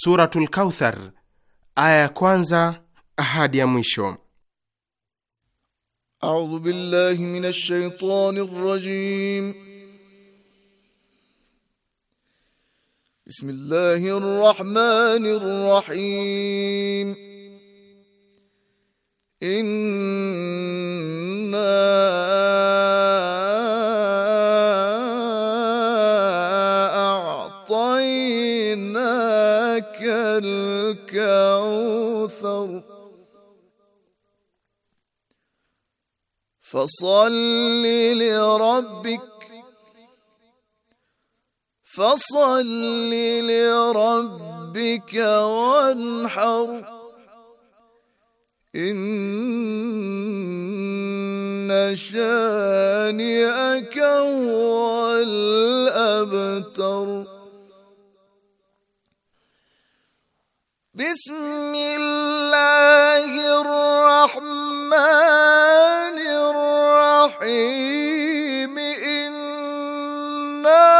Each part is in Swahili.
Suratul Kauthar aya ya kwanza hadi ya mwisho. A'udhu billahi minash shaitani rrajim. Bismillahir rahmanir rahim. Inna فصل لربك فصل لربك وانحر إن شانئك هو الأبتر بسم الله الرحمن الرحيم إنا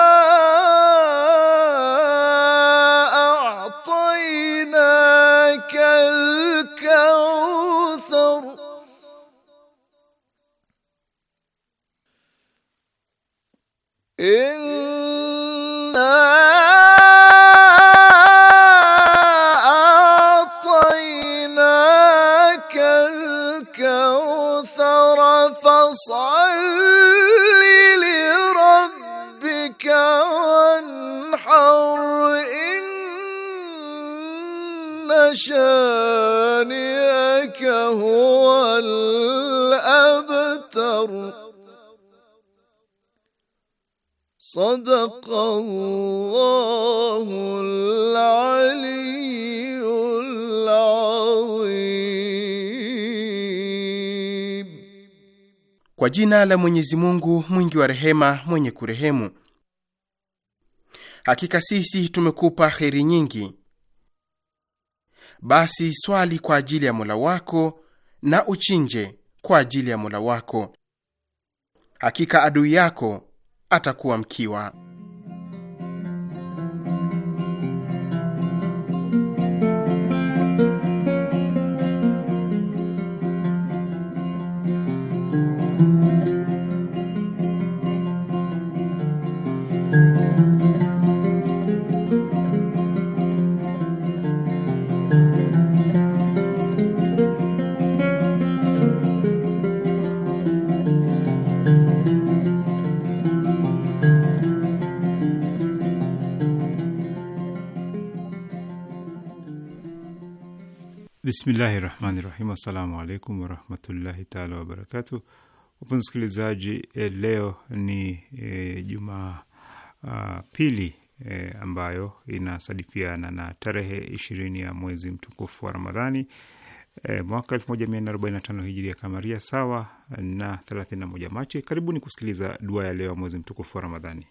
أعطيناك الكوثر إِنَّا وشانئك هو الأبتر صدق الله العلي العظيم Kwa jina la Mwenyezi Mungu mwingi wa rehema mwenye kurehemu Hakika sisi tumekupa kheri nyingi basi swali kwa ajili ya Mola wako na uchinje kwa ajili ya Mola wako. Hakika adui yako atakuwa mkiwa. Bismillahi rahmani rahim. Assalamu alaikum warahmatullahi taala wabarakatu. Wapenzi msikilizaji, eh, leo ni e, eh, a, ah, pili e, ambayo inasadifiana na tarehe ishirini ya mwezi mtukufu wa Ramadhani e, mwaka 1445 hijiria kamaria sawa na 31 Machi. Karibuni kusikiliza dua ya leo ya mwezi mtukufu wa Ramadhani.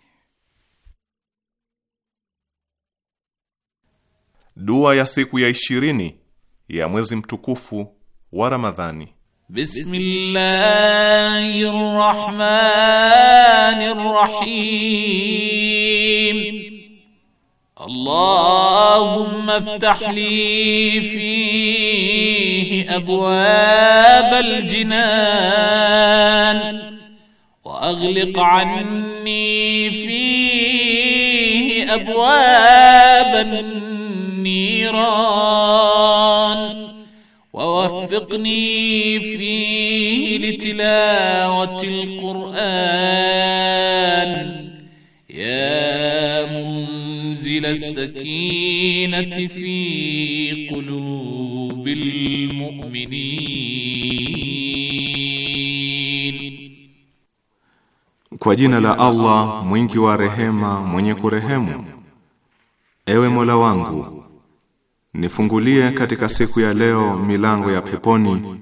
Dua ya siku ya ishirini ya mwezi mtukufu wa Ramadhani. Bismillahirrahmanirrahim. Allahumma iftah li fihi abwab al-jinan wa aghliq anni fihi abwab an-niran القرآن ووفقني فيه لتلاوة القرآن يا منزل السكينة في قلوب المؤمنين Kwa jina la Allah mwingi wa rehema mwenye kurehemu Ewe Mola wangu Nifungulie katika siku ya leo milango ya peponi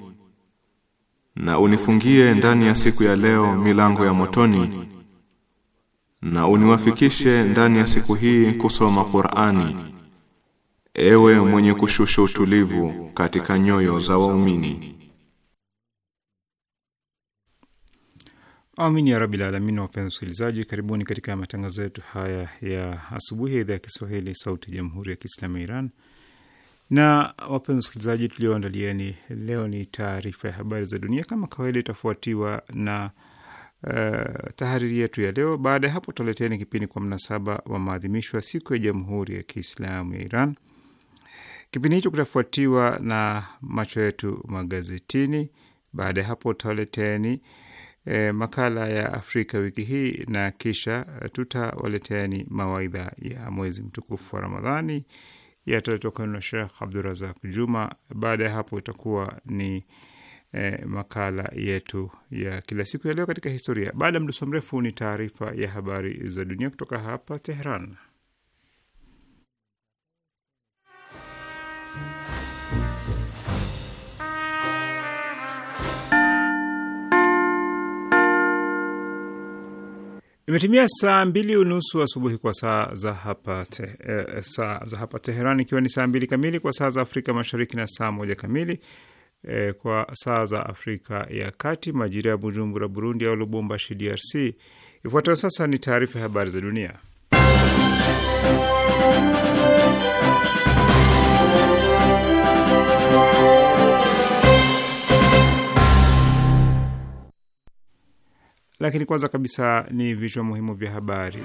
na unifungie ndani ya siku ya leo milango ya motoni na uniwafikishe ndani ya siku hii kusoma Qur'ani, ewe mwenye kushusha utulivu katika nyoyo za waumini. Amin ya rabbil alamin. Wapenzi wasikilizaji, karibuni katika matangazo yetu haya ya asubuhi ya idhaa ya Kiswahili, Sauti ya Jamhuri ya Kiislamu ya Iran na wapenzi wasikilizaji, tulioandalieni leo ni taarifa ya habari za dunia kama kawaida, itafuatiwa na uh, tahariri yetu ya leo. Baada ya hapo, tutaleteni kipindi kwa mnasaba wa maadhimisho ya siku ya Jamhuri ya Kiislamu ya Iran. Kipindi hicho kitafuatiwa na macho yetu magazetini. Baada ya hapo, tutawaleteni E, eh, makala ya Afrika wiki hii na kisha tutawaleteni mawaidha ya mwezi mtukufu wa Ramadhani yataletwa kwenu na Shekh Abdurazak Juma. Baada ya hapo itakuwa ni E, makala yetu ya kila siku ya leo katika historia. Baada ya mdoso mrefu ni taarifa ya habari za dunia kutoka hapa Tehran. Imetimia saa mbili unusu asubuhi kwa saa za hapa, te, e, saa za hapa Teheran, ikiwa ni saa mbili kamili kwa saa za Afrika Mashariki na saa moja kamili e, kwa saa za Afrika ya Kati, majira ya Bujumbura Burundi au Lubumbashi DRC. Ifuatayo sasa ni taarifa ya habari za dunia. Lakini kwanza kabisa ni vichwa muhimu vya habari.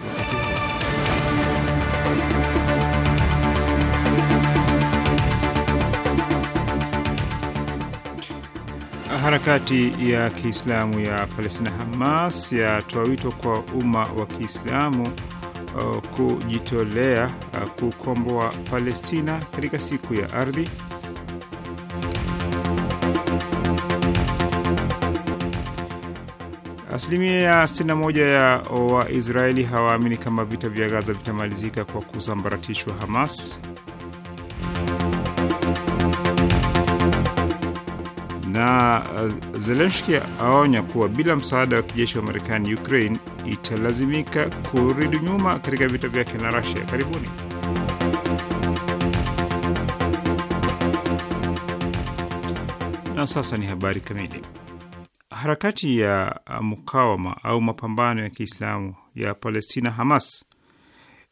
Harakati ya Kiislamu ya Palestina Hamas yatoa wito kwa umma wa Kiislamu uh, kujitolea uh, kukomboa Palestina katika siku ya ardhi. Asilimia ya 61 ya Waisraeli hawaamini kama vita vya Gaza vitamalizika kwa kusambaratishwa Hamas. Na uh, Zelenski aonya kuwa bila msaada wa kijeshi wa Marekani, Ukraine italazimika kurudi nyuma katika vita vyake na Rasia. Karibuni. Na sasa ni habari kamili harakati ya uh, mukawama au mapambano ya Kiislamu ya Palestina, Hamas,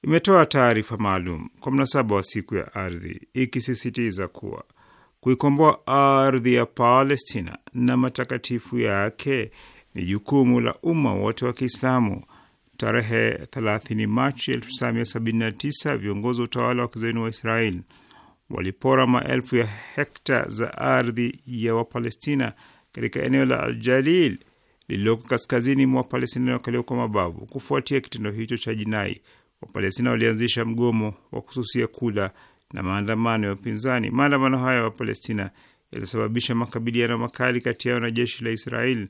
imetoa taarifa maalum kwa mnasaba wa siku ya ardhi, ikisisitiza kuwa kuikomboa ardhi ya Palestina na matakatifu yake ni jukumu la umma wote wa Kiislamu. Tarehe 30 Machi 1979 viongozi wa utawala wa kizayuni wa Israeli walipora maelfu ya hekta za ardhi ya Wapalestina katika eneo la Aljalil lililoko kaskazini mwa Palestina inayokaliwa kwa mabavu. Kufuatia kitendo hicho cha jinai, Wapalestina walianzisha mgomo wa kususia kula na maandamano ya upinzani. Maandamano hayo ya Wapalestina yalisababisha makabiliano makali kati yao na jeshi la Israeli,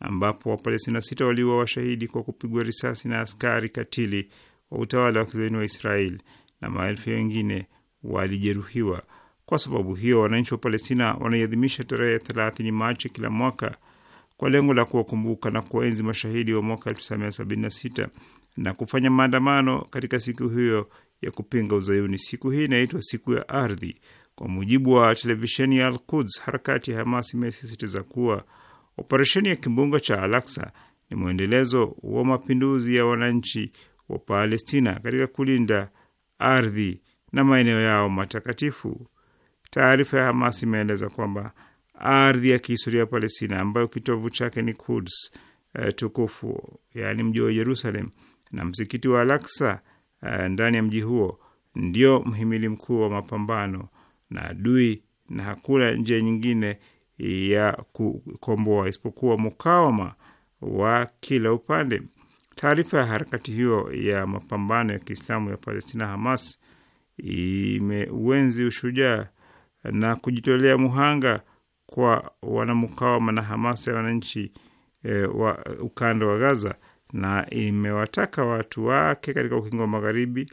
ambapo Wapalestina sita waliuawa washahidi kwa kupigwa risasi na askari katili wa utawala wa kizayuni wa Israeli na maelfu wengine walijeruhiwa. Kwa sababu hiyo, wananchi wa Palestina wanaiadhimisha tarehe 30 Machi kila mwaka kwa lengo la kuwakumbuka na kuwaenzi mashahidi wa mwaka 1976 na kufanya maandamano katika siku hiyo ya kupinga uzayuni. Siku hii inaitwa siku ya ardhi. Kwa mujibu wa televisheni ya Al-Quds, harakati ya Hamas imesisitiza kuwa operesheni ya kimbunga cha Al-Aqsa ni mwendelezo wa mapinduzi ya wananchi wa Palestina katika kulinda ardhi na maeneo yao matakatifu. Taarifa ya Hamas imeeleza kwamba ardhi ya kihistoria ya Palestina ambayo kitovu chake ni Kuds eh, tukufu yaani mji wa Jerusalem na msikiti wa Al-Aqsa eh, ndani ya mji huo ndio mhimili mkuu wa mapambano na adui, na hakuna njia nyingine ya kukomboa isipokuwa mukawama wa kila upande. Taarifa ya harakati hiyo ya mapambano ya Kiislamu ya Palestina, Hamas, imeuenzi ushujaa na kujitolea muhanga kwa wanamukawama na hamasa ya wananchi e, wa ukanda wa Gaza na imewataka watu wake katika ukingo wa magharibi,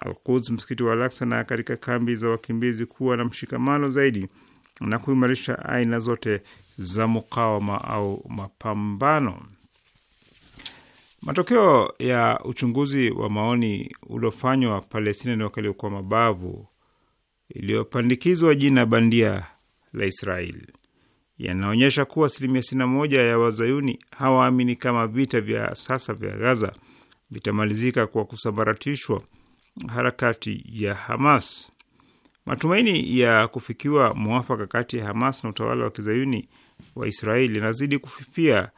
Al-Quds, msikiti wa Al-Aqsa na katika kambi za wakimbizi kuwa na mshikamano zaidi na kuimarisha aina zote za mukawama au mapambano. Matokeo ya uchunguzi wa maoni uliofanywa Palestina inaokaliwa kwa mabavu iliyopandikizwa jina bandia la Israeli yanaonyesha kuwa asilimia sitini na moja ya wazayuni hawaamini kama vita vya sasa vya Gaza vitamalizika kwa kusambaratishwa harakati ya Hamas. Matumaini ya kufikiwa mwafaka kati ya Hamas na utawala wa kizayuni wa Israeli yanazidi kufifia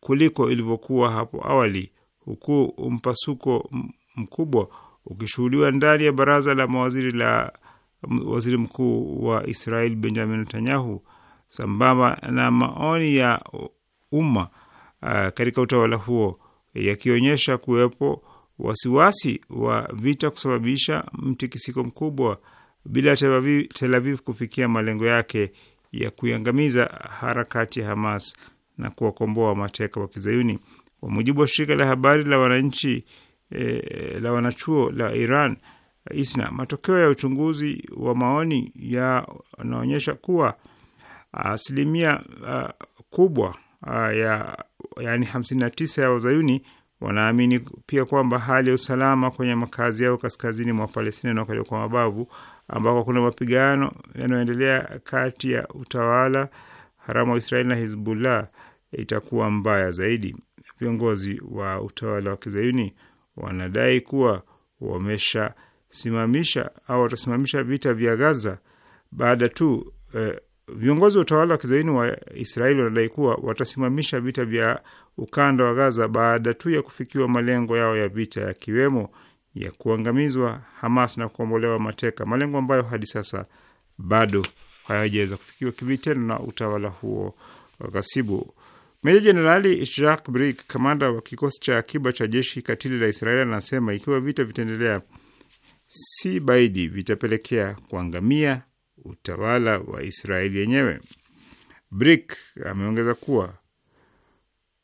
kuliko ilivyokuwa hapo awali, huku mpasuko mkubwa ukishuhudiwa ndani ya baraza la mawaziri la waziri mkuu wa Israel Benjamin Netanyahu, sambamba na maoni ya umma uh, katika utawala huo yakionyesha kuwepo wasiwasi wa vita kusababisha mtikisiko mkubwa bila Tel Aviv kufikia malengo yake ya kuiangamiza harakati ya Hamas na kuwakomboa mateka wa Kizayuni. Kwa mujibu wa shirika la habari la wananchi eh, la wanachuo la Iran ISNA. Matokeo ya uchunguzi wa maoni yanaonyesha kuwa uh, asilimia uh, kubwa uh, ya yaani 59 ya wazayuni wanaamini pia kwamba hali ya usalama kwenye makazi yao kaskazini mwa Palestina inayokaliwa kwa mabavu ambako kuna mapigano yanayoendelea kati ya utawala haramu wa Israeli na Hizbullah itakuwa mbaya zaidi. Viongozi wa utawala wa kizayuni wanadai kuwa wamesha simamisha au watasimamisha vita vya Gaza baada tu eh, viongozi wa utawala wa kizaini wa Israeli wanadai kuwa watasimamisha vita vya ukanda wa Gaza baada tu ya kufikiwa malengo yao ya vita yakiwemo ya kuangamizwa Hamas na kukombolewa mateka, malengo ambayo hadi sasa bado hayajaweza kufikiwa kivitendo na utawala huo wa ghasibu. Meja Jenerali Ishak Brik, kamanda wa kikosi cha akiba cha jeshi katili la Israeli, anasema ikiwa vita vitaendelea si baidi vitapelekea kuangamia utawala wa Israeli yenyewe. Brik ameongeza kuwa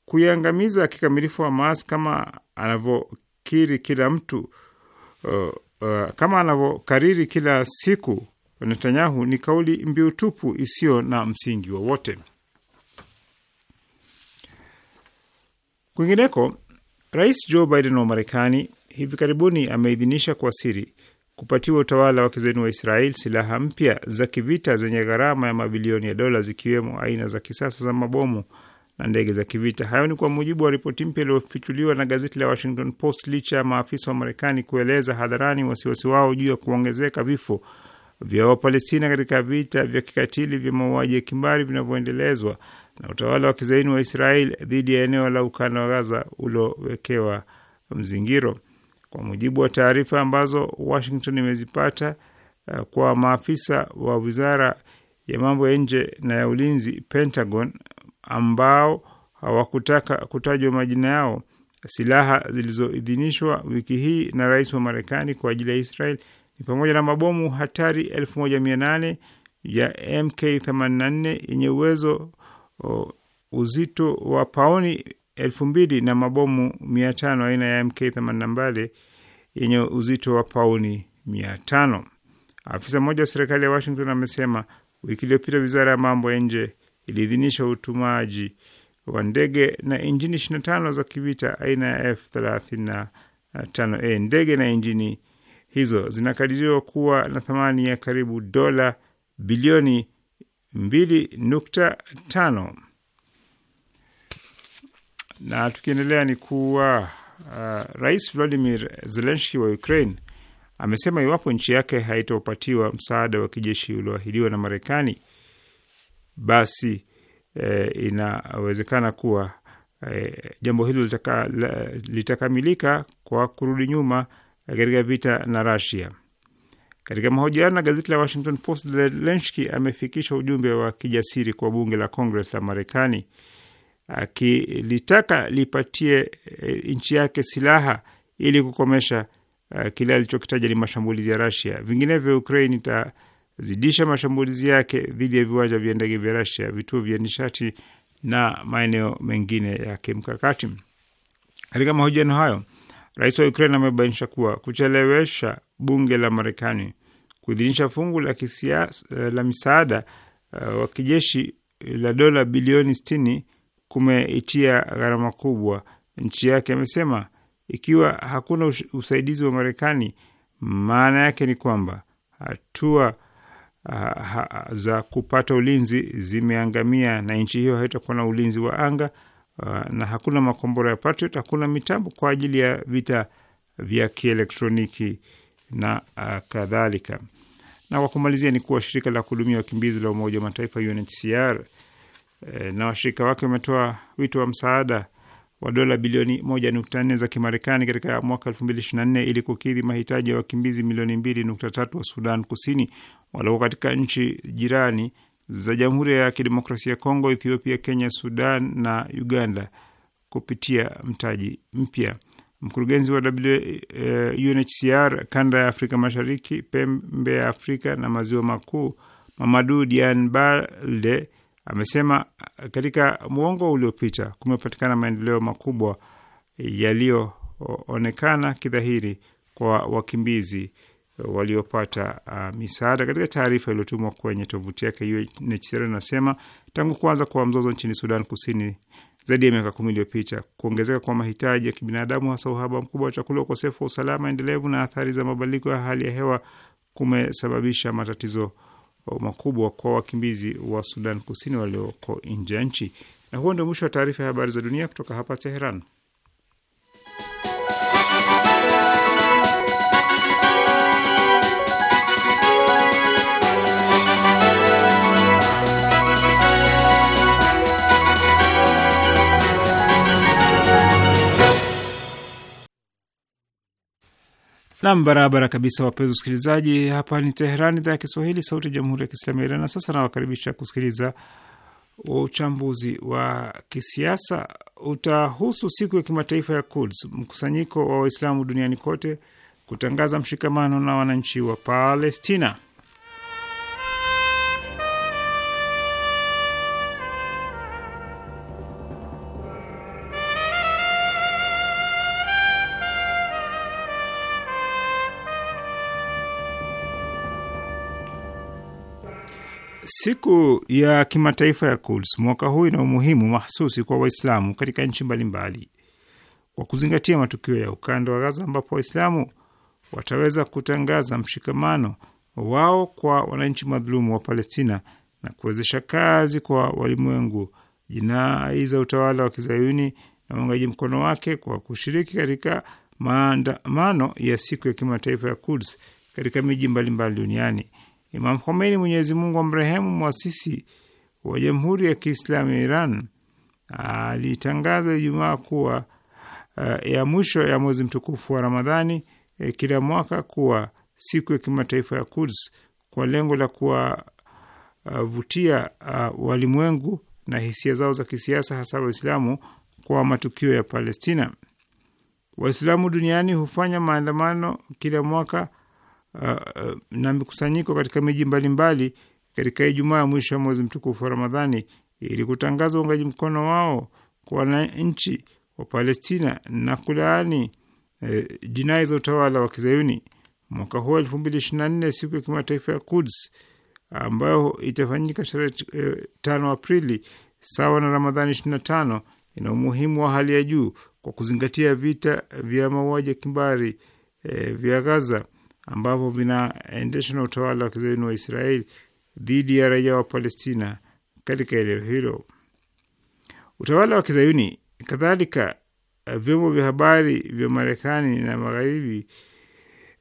kuiangamiza kikamilifu Hamas kama anavyokiri kila mtu uh, uh, kama anavyokariri kila siku Netanyahu ni kauli mbiu tupu isiyo na msingi wowote. Kwingineko, Rais Joe Biden wa Marekani hivi karibuni ameidhinisha kwa siri kupatiwa utawala wa kizeni wa Israel silaha mpya za kivita zenye gharama ya mabilioni ya dola zikiwemo aina za kisasa za mabomu na ndege za kivita. Hayo ni kwa mujibu wa ripoti mpya iliyofichuliwa na gazeti la Washington Post licha ya maafisa wa Marekani kueleza hadharani wasiwasi wao juu ya kuongezeka vifo vya Wapalestina katika vita vya kikatili vya mauaji ya kimbari vinavyoendelezwa na utawala wa kizaini wa Israel dhidi ya eneo la ukanda wa Gaza uliowekewa mzingiro. Kwa mujibu wa taarifa ambazo Washington imezipata uh, kwa maafisa wa wizara ya mambo ya nje na ya ulinzi Pentagon, ambao hawakutaka kutajwa majina yao, silaha zilizoidhinishwa wiki hii na rais wa Marekani kwa ajili ya Israel ni pamoja na mabomu hatari 1800 ya MK 84 yenye uwezo uh, uzito wa paoni elfu mbili na mabomu mia tano aina ya MK 82 yenye uzito wa pauni mia tano. Afisa mmoja wa serikali ya Washington amesema wiki iliyopita wizara ya mambo ya nje iliidhinisha utumaji wa ndege na injini 25 za kivita aina ya f 35 E. Eh, ndege na injini hizo zinakadiriwa kuwa na thamani ya karibu dola bilioni 2.5. Na tukiendelea ni kuwa uh, Rais Vladimir Zelenski wa Ukraine amesema iwapo nchi yake haitopatiwa msaada wa kijeshi ulioahidiwa na Marekani, basi eh, inawezekana kuwa eh, jambo hilo litaka, litakamilika kwa kurudi nyuma katika vita na rasia Katika mahojiano na gazeti la Washington Post, Zelenski amefikisha ujumbe wa kijasiri kwa bunge la Congress la Marekani akilitaka lipatie eh, nchi yake silaha ili kukomesha eh, kile alichokitaja ni mashambulizi ya Rasia. Vinginevyo, Ukraine itazidisha mashambulizi yake dhidi ya viwanja vya ndege vya Rasia, vituo vya nishati na maeneo mengine ya kimkakati. Katika mahojiano hayo, rais wa Ukraine amebainisha kuwa kuchelewesha bunge la Marekani kuidhinisha fungu la kisiasa eh, la misaada uh, wa kijeshi la dola bilioni sitini kumeitia gharama kubwa nchi yake. Amesema ikiwa hakuna usaidizi wa Marekani, maana yake ni kwamba hatua ha, ha, za kupata ulinzi zimeangamia na nchi hiyo haitakuwa na ulinzi wa anga uh, na hakuna makombora ya Patriot, hakuna mitambo kwa ajili ya vita vya kielektroniki na uh, kadhalika. Na kwa kumalizia ni kuwa shirika la kuhudumia wakimbizi la Umoja wa Mataifa UNHCR Eh, na washirika wake wametoa wito wa msaada wa dola bilioni 1.4 za Kimarekani katika mwaka 2024 ili kukidhi mahitaji ya wakimbizi milioni 2.3 wa Sudan Kusini walioko katika nchi jirani za Jamhuri ya Kidemokrasia ya Kongo, Ethiopia, Kenya, Sudan na Uganda kupitia mtaji mpya. Mkurugenzi wa eh, UNHCR kanda ya Afrika Mashariki, pembe ya Afrika na maziwa makuu, Mamadu Dian Balde Amesema katika mwongo uliopita kumepatikana maendeleo makubwa yaliyoonekana kidhahiri kwa wakimbizi waliopata uh, misaada. Katika taarifa iliyotumwa kwenye tovuti yake, UNHCR inasema tangu kuanza kwa mzozo nchini Sudan Kusini zaidi ya miaka kumi iliyopita, kuongezeka kwa mahitaji ya kibinadamu, hasa uhaba mkubwa wa chakula, ukosefu wa usalama endelevu na athari za mabadiliko ya hali ya hewa kumesababisha matatizo makubwa kwa wakimbizi wa Sudan Kusini walioko nje ya nchi. Na huo ndio mwisho wa taarifa ya habari za dunia kutoka hapa Teheran. Nam, barabara kabisa, wapenzi wasikilizaji, hapa ni Teheran, idhaa ya Kiswahili, sauti ya jamhuri ya kiislamu ya Iran. Na sasa nawakaribisha kusikiliza uchambuzi wa kisiasa. Utahusu siku ya kimataifa ya Quds, mkusanyiko wa Waislamu duniani kote kutangaza mshikamano na wananchi wa Palestina. Siku ya kimataifa ya Quds mwaka huu ina umuhimu mahsusi kwa Waislamu katika nchi mbalimbali kwa kuzingatia matukio ya ukanda wa Gaza, ambapo Waislamu wataweza kutangaza mshikamano wao kwa wananchi madhulumu wa Palestina na kuwezesha kazi kwa walimwengu jinai za utawala wa kizayuni na uungaji mkono wake kwa kushiriki katika maandamano ya siku ya kimataifa ya Quds katika miji mbalimbali duniani. Imam Khomeini, Mwenyezi Mungu amrehemu, mwasisi wa Jamhuri ya Kiislamu ya Iran alitangaza Ijumaa kuwa uh, ya mwisho ya mwezi mtukufu wa Ramadhani eh, kila mwaka kuwa siku ya kimataifa ya Quds kwa lengo la kuwavutia uh, uh, walimwengu na hisia zao za kisiasa hasa Waislamu kwa matukio ya Palestina. Waislamu duniani hufanya maandamano kila mwaka Uh, uh, na mikusanyiko katika miji mbalimbali katika Ijumaa ya mwisho ya mwezi mtukufu wa Ramadhani ili kutangaza uungaji mkono wao kwa wananchi wa Palestina na kulaani e, jinai za utawala wa Kizayuni. Mwaka huu elfu mbili ishirini na nne siku ya kimataifa ya Kuds ambayo itafanyika tarehe tano Aprili sawa na Ramadhani ishirini na tano ina umuhimu wa hali ya juu kwa kuzingatia vita vya mauaji ya kimbari e, vya Gaza ambavyo vinaendeshwa na utawala wa kizayuni wa Israeli dhidi ya raia wa Palestina katika eneo hilo. Utawala wa kizayuni kadhalika, eh, vyombo vya habari vya Marekani na Magharibi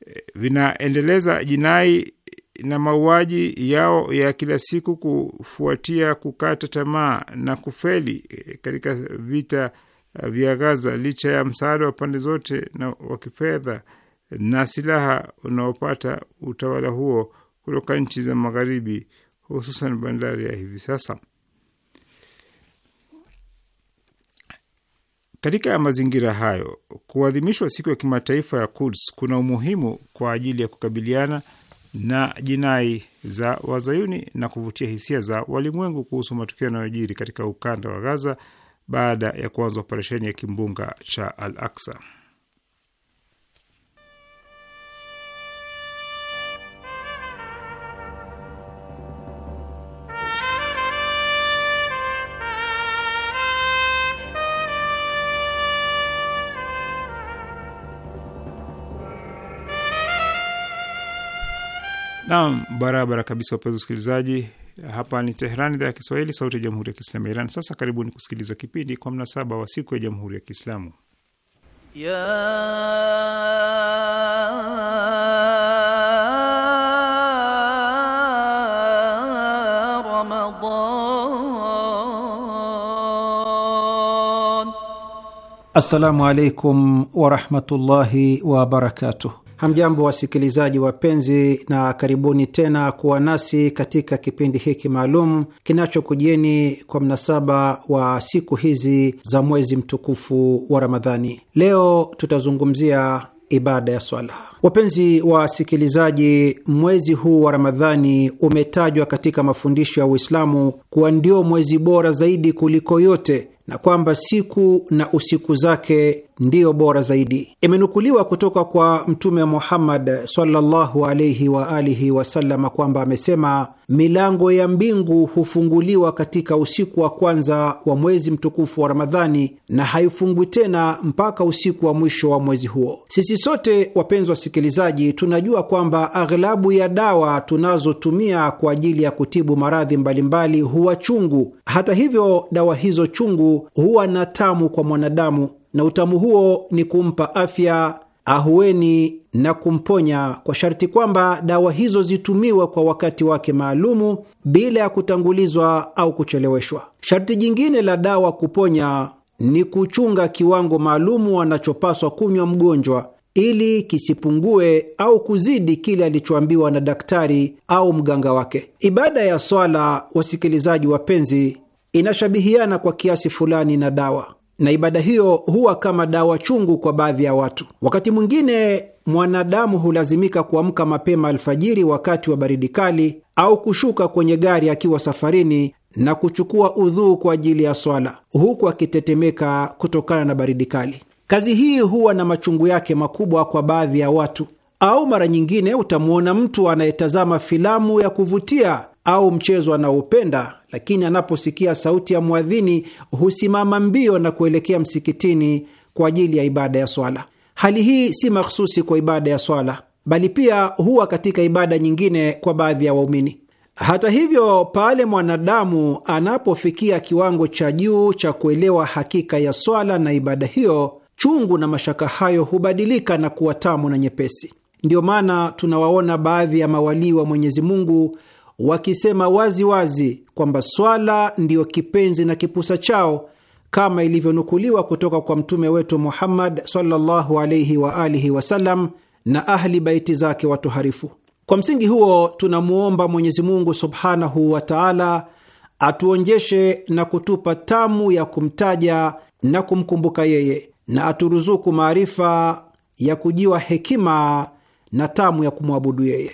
eh, vinaendeleza jinai na mauaji yao ya kila siku kufuatia kukata tamaa na kufeli eh, katika vita vya Gaza licha ya msaada wa pande zote na wa kifedha na silaha unaopata utawala huo kutoka nchi za magharibi, hususan bandari ya hivi sasa. Katika mazingira hayo, kuadhimishwa siku ya kimataifa ya Quds kuna umuhimu kwa ajili ya kukabiliana na jinai za wazayuni na kuvutia hisia za walimwengu kuhusu matukio yanayojiri katika ukanda wa Gaza baada ya kuanza operesheni ya kimbunga cha Al Aksa. Naam, barabara kabisa, wapenzi wasikilizaji. Hapa ni Teherani, idhaa ya Kiswahili, sauti ya jamhuri ya kiislamu ya Iran. Sasa karibuni kusikiliza kipindi kwa mnasaba wa siku ya jamhuri ya kiislamu ya Assalamu alaikum warahmatullahi wabarakatuh. Hamjambo wasikilizaji wapenzi, na karibuni tena kuwa nasi katika kipindi hiki maalum kinachokujieni kwa mnasaba wa siku hizi za mwezi mtukufu wa Ramadhani. Leo tutazungumzia ibada ya swala. Wapenzi wasikilizaji, mwezi huu wa Ramadhani umetajwa katika mafundisho ya Uislamu kuwa ndio mwezi bora zaidi kuliko yote na kwamba siku na usiku zake ndiyo bora zaidi. Imenukuliwa kutoka kwa Mtume Muhammad sallallahu alaihi wa alihi kwamba amesema, milango ya mbingu hufunguliwa katika usiku wa kwanza wa mwezi mtukufu wa Ramadhani na haifungwi tena mpaka usiku wa mwisho wa mwezi huo. Sisi sote wapenzi wasikilizaji, tunajua kwamba aghlabu ya dawa tunazotumia kwa ajili ya kutibu maradhi mbalimbali huwa chungu. Hata hivyo, dawa hizo chungu huwa na tamu kwa mwanadamu na utamu huo ni kumpa afya, ahueni na kumponya, kwa sharti kwamba dawa hizo zitumiwe kwa wakati wake maalumu bila ya kutangulizwa au kucheleweshwa. Sharti jingine la dawa kuponya ni kuchunga kiwango maalumu anachopaswa kunywa mgonjwa ili kisipungue au kuzidi kile alichoambiwa na daktari au mganga wake. Ibada ya swala, wasikilizaji wapenzi, inashabihiana kwa kiasi fulani na dawa na ibada hiyo huwa kama dawa chungu kwa baadhi ya watu. Wakati mwingine mwanadamu hulazimika kuamka mapema alfajiri wakati wa baridi kali au kushuka kwenye gari akiwa safarini na kuchukua udhuu kwa ajili ya swala, huku akitetemeka kutokana na baridi kali. Kazi hii huwa na machungu yake makubwa kwa baadhi ya watu. Au mara nyingine utamwona mtu anayetazama filamu ya kuvutia au mchezo anaoupenda, lakini anaposikia sauti ya mwadhini husimama mbio na kuelekea msikitini kwa ajili ya ibada ya swala. Hali hii si mahsusi kwa ibada ya swala, bali pia huwa katika ibada nyingine kwa baadhi ya waumini. Hata hivyo, pale mwanadamu anapofikia kiwango cha juu cha kuelewa hakika ya swala na ibada hiyo, chungu na mashaka hayo hubadilika na kuwa tamu na nyepesi. Ndiyo maana tunawaona baadhi ya mawalii wa Mwenyezi Mungu wakisema wazi wazi kwamba swala ndiyo kipenzi na kipusa chao kama ilivyonukuliwa kutoka kwa mtume wetu Muhammad sallallahu wa alihi wasallam na ahli baiti zake watuharifu Kwa msingi huo tunamwomba Mwenyezi Mungu subhanahu wa taala atuonjeshe na kutupa tamu ya kumtaja na kumkumbuka yeye, na aturuzuku maarifa ya kujiwa hekima na tamu ya kumwabudu yeye.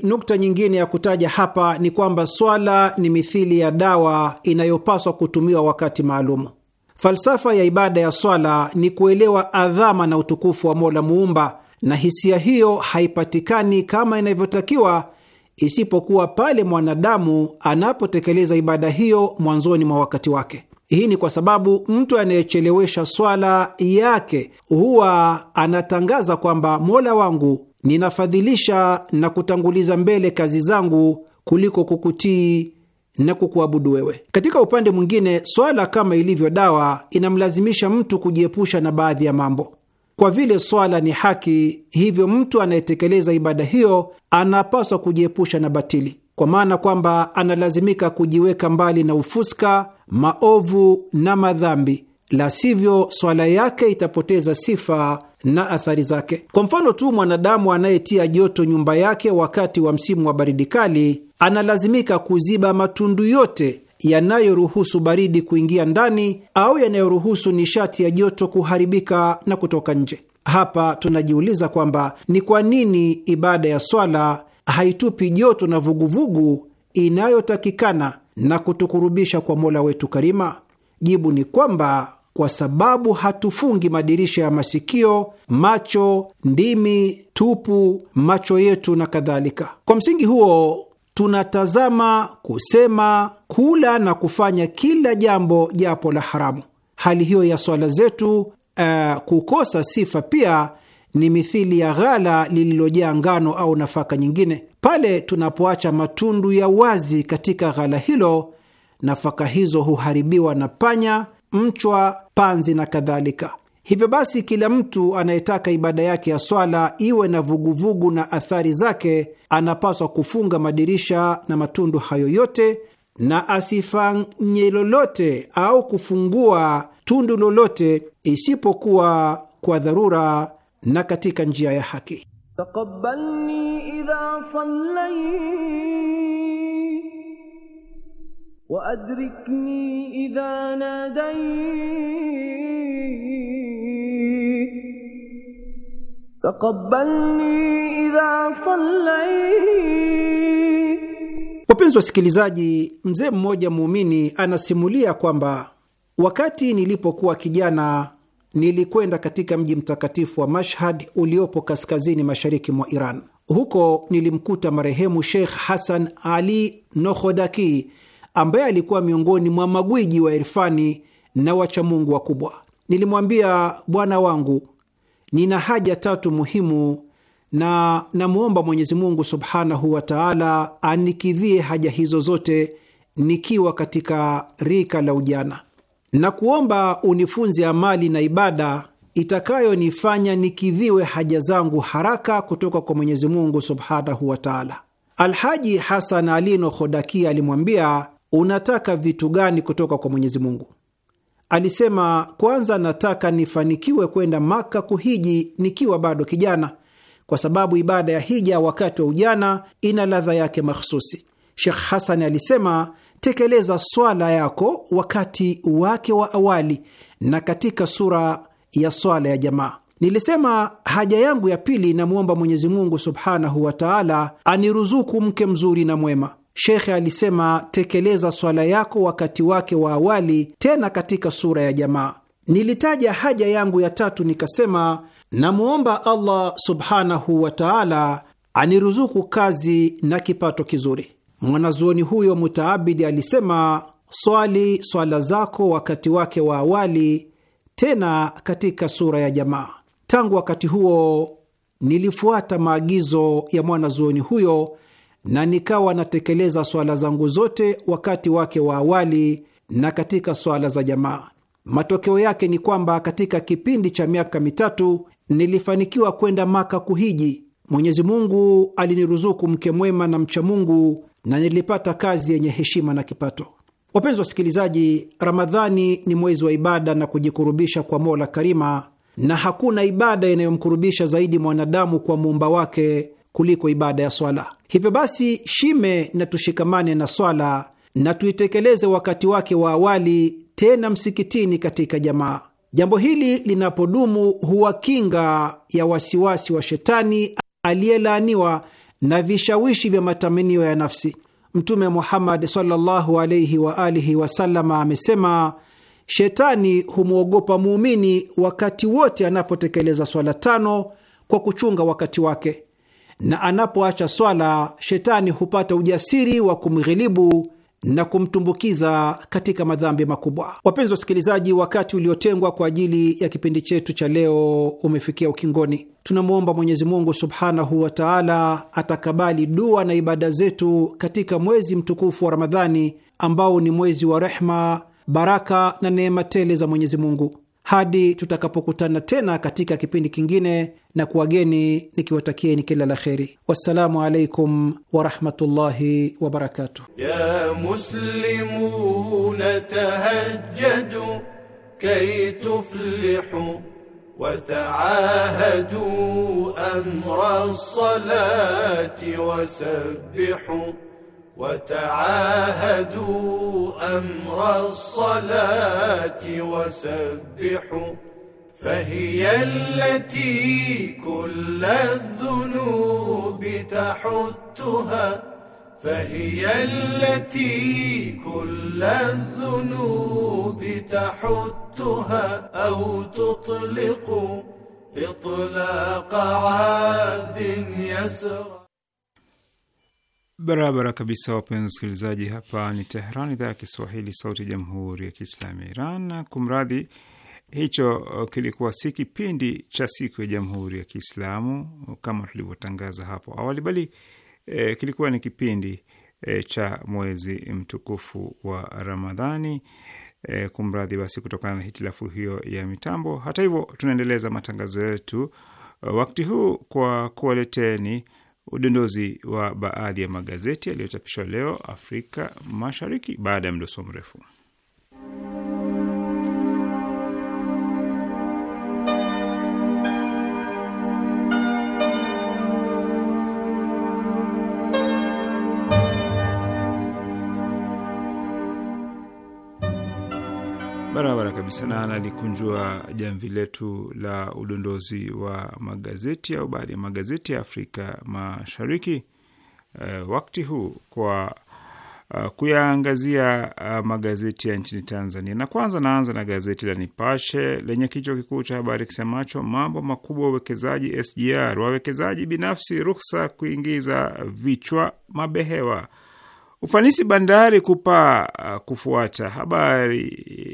Nukta nyingine ya kutaja hapa ni kwamba swala ni mithili ya dawa inayopaswa kutumiwa wakati maalum. Falsafa ya ibada ya swala ni kuelewa adhama na utukufu wa Mola Muumba, na hisia hiyo haipatikani kama inavyotakiwa isipokuwa pale mwanadamu anapotekeleza ibada hiyo mwanzoni mwa wakati wake. Hii ni kwa sababu mtu anayechelewesha swala yake huwa anatangaza kwamba Mola wangu, ninafadhilisha na kutanguliza mbele kazi zangu kuliko kukutii na kukuabudu wewe. Katika upande mwingine, swala kama ilivyo dawa inamlazimisha mtu kujiepusha na baadhi ya mambo. Kwa vile swala ni haki, hivyo mtu anayetekeleza ibada hiyo anapaswa kujiepusha na batili kwa maana kwamba analazimika kujiweka mbali na ufuska, maovu na madhambi, la sivyo swala yake itapoteza sifa na athari zake. Kwa mfano tu, mwanadamu anayetia joto nyumba yake wakati wa msimu wa baridi kali analazimika kuziba matundu yote yanayoruhusu baridi kuingia ndani au yanayoruhusu nishati ya joto kuharibika na kutoka nje. Hapa tunajiuliza kwamba ni kwa nini ibada ya swala haitupi joto na vuguvugu inayotakikana na kutukurubisha kwa Mola wetu Karima? Jibu ni kwamba kwa sababu hatufungi madirisha ya masikio, macho, ndimi, tupu, macho yetu na kadhalika. Kwa msingi huo tunatazama, kusema, kula na kufanya kila jambo japo la haramu. Hali hiyo ya swala zetu uh, kukosa sifa pia ni mithili ya ghala lililojaa ngano au nafaka nyingine. Pale tunapoacha matundu ya wazi katika ghala hilo, nafaka hizo huharibiwa na panya, mchwa, panzi na kadhalika. Hivyo basi, kila mtu anayetaka ibada yake ya swala iwe na vuguvugu na athari zake anapaswa kufunga madirisha na matundu hayo yote na asifanye lolote au kufungua tundu lolote isipokuwa kwa dharura na katika njia ya haki. Taqabbalni idha wa adrikni idha taqabbalni idha Wapenzi wasikilizaji, mzee mmoja muumini anasimulia kwamba wakati nilipokuwa kijana nilikwenda katika mji mtakatifu wa Mashhad uliopo kaskazini mashariki mwa Iran. Huko nilimkuta marehemu Sheikh Hasan Ali Nohodaki ambaye alikuwa miongoni mwa magwiji wa irfani na wachamungu wakubwa. Nilimwambia, bwana wangu, nina haja tatu muhimu na namwomba Mwenyezi Mungu subhanahu wa taala anikidhie haja hizo zote nikiwa katika rika la ujana na kuomba unifunze amali na ibada itakayonifanya nikidhiwe haja zangu haraka kutoka kwa Mwenyezi Mungu subhanahu wa taala. Alhaji Hasan Alino Khodakia alimwambia, unataka vitu gani kutoka kwa Mwenyezi Mungu? Alisema, kwanza nataka nifanikiwe kwenda Maka kuhiji nikiwa bado kijana, kwa sababu ibada ya hija wakati wa ujana ina ladha yake mahsusi. Shekh Hasani alisema tekeleza swala yako wakati wake wa awali na katika sura ya swala ya jamaa. Nilisema haja yangu ya pili, namwomba Mwenyezi Mungu subhanahu wa taala aniruzuku mke mzuri na mwema. Shekhe alisema tekeleza swala yako wakati wake wa awali, tena katika sura ya jamaa. Nilitaja haja yangu ya tatu nikasema, namwomba Allah subhanahu wa taala aniruzuku kazi na kipato kizuri. Mwanazuoni huyo mutaabidi alisema, swali swala zako wakati wake wa awali, tena katika sura ya jamaa. Tangu wakati huo nilifuata maagizo ya mwanazuoni huyo na nikawa natekeleza swala zangu zote wakati wake wa awali na katika swala za jamaa. Matokeo yake ni kwamba katika kipindi cha miaka mitatu nilifanikiwa kwenda Maka kuhiji. Mwenyezi Mungu aliniruzuku mke mwema na mcha Mungu na nilipata kazi yenye heshima na kipato. Wapenzi wasikilizaji, Ramadhani ni mwezi wa ibada na kujikurubisha kwa Mola Karima, na hakuna ibada inayomkurubisha zaidi mwanadamu kwa muumba wake kuliko ibada ya swala. Hivyo basi, shime na tushikamane na swala na tuitekeleze wakati wake wa awali, tena msikitini, katika jamaa. Jambo hili linapodumu huwa kinga ya wasiwasi wa shetani aliyelaaniwa na vishawishi vya matamanio ya nafsi. Mtume Muhammad sallallahu alaihi wa alihi amesema, shetani humwogopa muumini wakati wote anapotekeleza swala tano kwa kuchunga wakati wake, na anapoacha swala shetani hupata ujasiri wa kumghilibu na kumtumbukiza katika madhambi makubwa. Wapenzi wasikilizaji, wakati uliotengwa kwa ajili ya kipindi chetu cha leo umefikia ukingoni. Tunamwomba Mwenyezi Mungu subhanahu wa taala atakabali dua na ibada zetu katika mwezi mtukufu wa Ramadhani ambao ni mwezi wa rehma, baraka na neema tele za Mwenyezi Mungu hadi tutakapokutana tena katika kipindi kingine, na kuwageni nikiwatakieni kila la kheri. Wassalamu alaikum warahmatullahi wabarakatuh. ya muslimuna tahajjadu kay tuflihu wataahadu amra salati wasabbihu وتعاهدوا أمر الصلاة وسبحوا فهي التي كل الذنوب تحتها فهي التي كل الذنوب تحتها أو تطلق إطلاق عاد يسرى Barabara kabisa, wapenzi wasikilizaji, hapa ni Tehran, idhaa ya Kiswahili, sauti ya jamhuri ya kiislamu ya Iran. Na kumradhi, hicho kilikuwa si kipindi cha siku ya jamhuri ya Kiislamu kama tulivyotangaza hapo awali, bali e, kilikuwa ni kipindi e, cha mwezi mtukufu wa Ramadhani. E, kumradhi basi, kutokana na hitilafu hiyo ya mitambo. Hata hivyo, tunaendeleza matangazo yetu e, wakati huu kwa kuwaleteni udondozi wa baadhi ya magazeti yaliyochapishwa leo Afrika Mashariki baada ya mdoso mrefu. barabara kabisa, na nalikunjua jamvi letu la udondozi wa magazeti au baadhi ya magazeti ya Afrika Mashariki uh, wakati huu kwa uh, kuyaangazia uh, magazeti ya nchini Tanzania, na kwanza naanza na gazeti la Nipashe lenye kichwa kikuu cha habari kisemacho mambo makubwa uwekezaji SGR, wawekezaji binafsi ruhusa kuingiza vichwa mabehewa Ufanisi bandari kupa uh, kufuata. Habari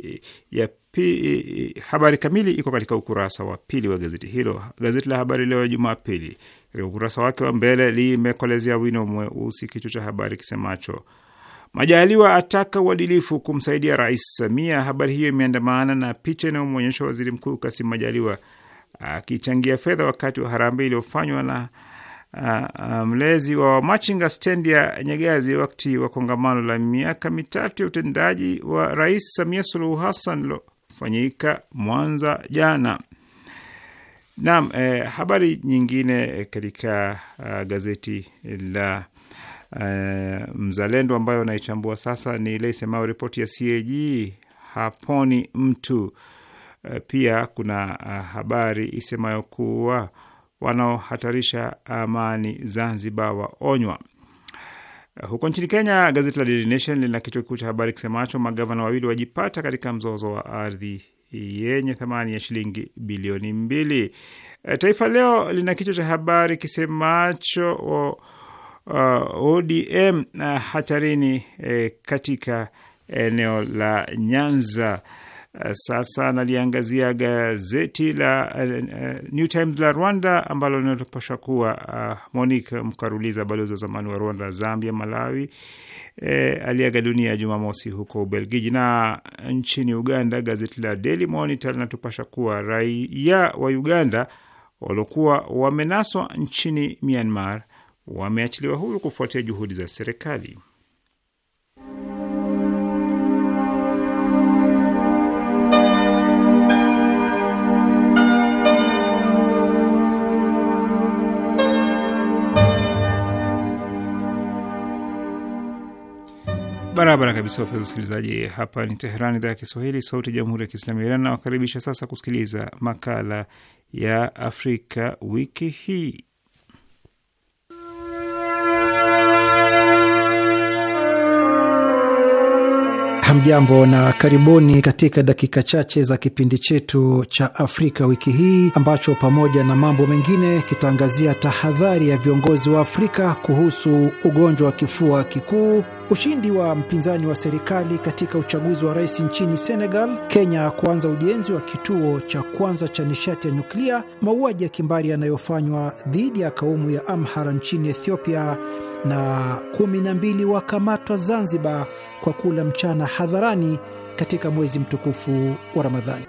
eh, ya pi, eh, habari kamili iko katika ukurasa wa pili wa gazeti hilo. Gazeti la Habari Leo ya Jumapili katika ukurasa wake wa mbele limekolezea wino mweusi kichwa cha habari kisemacho Majaliwa ataka uadilifu kumsaidia Rais Samia. Habari hiyo imeandamana na picha inayomwonyesha Waziri Mkuu Kasim Majaliwa uh, akichangia fedha wakati wa harambee iliyofanywa na uh, mlezi wa wamachinga stendi ya Nyegezi wakati wa kongamano la miaka mitatu ya utendaji wa Rais Samia Suluhu Hassan lilofanyika Mwanza jana. Naam, eh, habari nyingine katika uh, gazeti la uh, Mzalendo ambayo naichambua sasa ni ile isemayo ripoti ya CAG haponi mtu. Uh, pia kuna uh, habari isemayo kuwa wanaohatarisha amani Zanzibar waonywa. Huko nchini Kenya, gazeti la Daily Nation lina kichwa kikuu cha habari kisemacho magavana wawili wajipata katika mzozo wa ardhi yenye thamani ya shilingi bilioni mbili. E, Taifa Leo lina kichwa cha habari kisemacho uh, ODM uh, hatarini eh, katika eneo la Nyanza. Sasa naliangazia gazeti la uh, New Times la Rwanda ambalo linatopasha kuwa uh, Monique Mkaruliza, balozi wa zamani wa Rwanda Zambia, Malawi e, aliaga dunia ya Jumamosi huko Ubelgiji. Na nchini Uganda, gazeti la Daily Monitor linatopasha kuwa raia wa Uganda waliokuwa wamenaswa nchini Myanmar wameachiliwa huru kufuatia juhudi za serikali. Barabara kabisa, wapenzi wasikilizaji, hapa ni Teherani, idhaa ya Kiswahili, sauti ya jamhuri ya kiislamu ya Iran. Nawakaribisha sasa kusikiliza makala ya Afrika wiki hii. Hamjambo na karibuni katika dakika chache za kipindi chetu cha Afrika wiki hii ambacho pamoja na mambo mengine kitaangazia tahadhari ya viongozi wa Afrika kuhusu ugonjwa wa kifua kikuu, ushindi wa mpinzani wa serikali katika uchaguzi wa rais nchini Senegal, Kenya kuanza ujenzi wa kituo cha kwanza cha nishati ya nyuklia, mauaji ya kimbari yanayofanywa dhidi ya kaumu ya Amhara nchini Ethiopia na kumi na mbili wakamatwa Zanzibar kwa kula mchana hadharani katika mwezi mtukufu wa Ramadhani.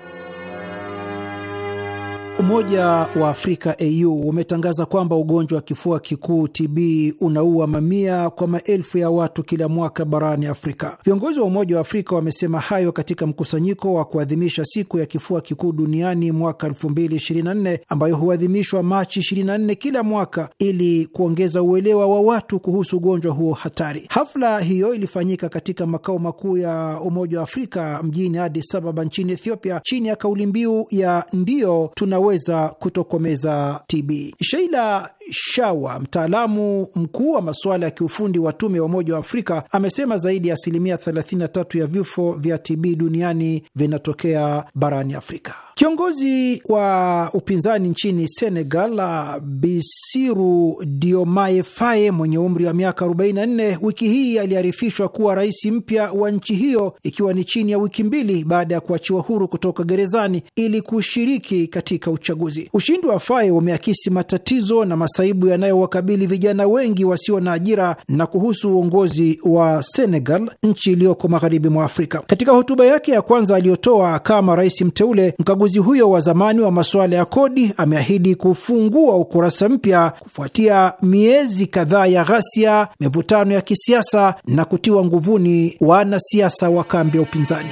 Umoja wa Afrika AU umetangaza kwamba ugonjwa wa kifua kikuu TB unaua mamia kwa maelfu ya watu kila mwaka barani Afrika. Viongozi wa Umoja wa Afrika wamesema hayo katika mkusanyiko wa kuadhimisha siku ya kifua kikuu duniani mwaka 2024 ambayo huadhimishwa Machi 24 kila mwaka ili kuongeza uelewa wa watu kuhusu ugonjwa huo hatari. Hafla hiyo ilifanyika katika makao makuu ya Umoja wa Afrika mjini Addis Ababa nchini Ethiopia chini ya kauli mbiu ya ndio tuna inaweza kutokomeza TB. Sheila Shawa, mtaalamu mkuu wa masuala ya kiufundi wa tume ya Umoja wa Afrika, amesema zaidi ya asilimia 33 ya vifo vya TB duniani vinatokea barani Afrika. Kiongozi wa upinzani nchini Senegal, uh, Bisiru Diomaye Faye mwenye umri wa miaka 44 wiki hii aliarifishwa kuwa rais mpya wa nchi hiyo, ikiwa ni chini ya wiki mbili baada ya kuachiwa huru kutoka gerezani ili kushiriki katika uchaguzi. Ushindi wa Faye umeakisi matatizo na masaibu yanayowakabili vijana wengi wasio na ajira na kuhusu uongozi wa Senegal, nchi iliyoko magharibi mwa Afrika. Katika hotuba yake ya kwanza aliyotoa kama rais mteule mkagu Mchambuzi huyo wa zamani wa masuala ya kodi ameahidi kufungua ukurasa mpya kufuatia miezi kadhaa ya ghasia, mivutano ya kisiasa na kutiwa nguvuni wanasiasa wa kambi ya upinzani.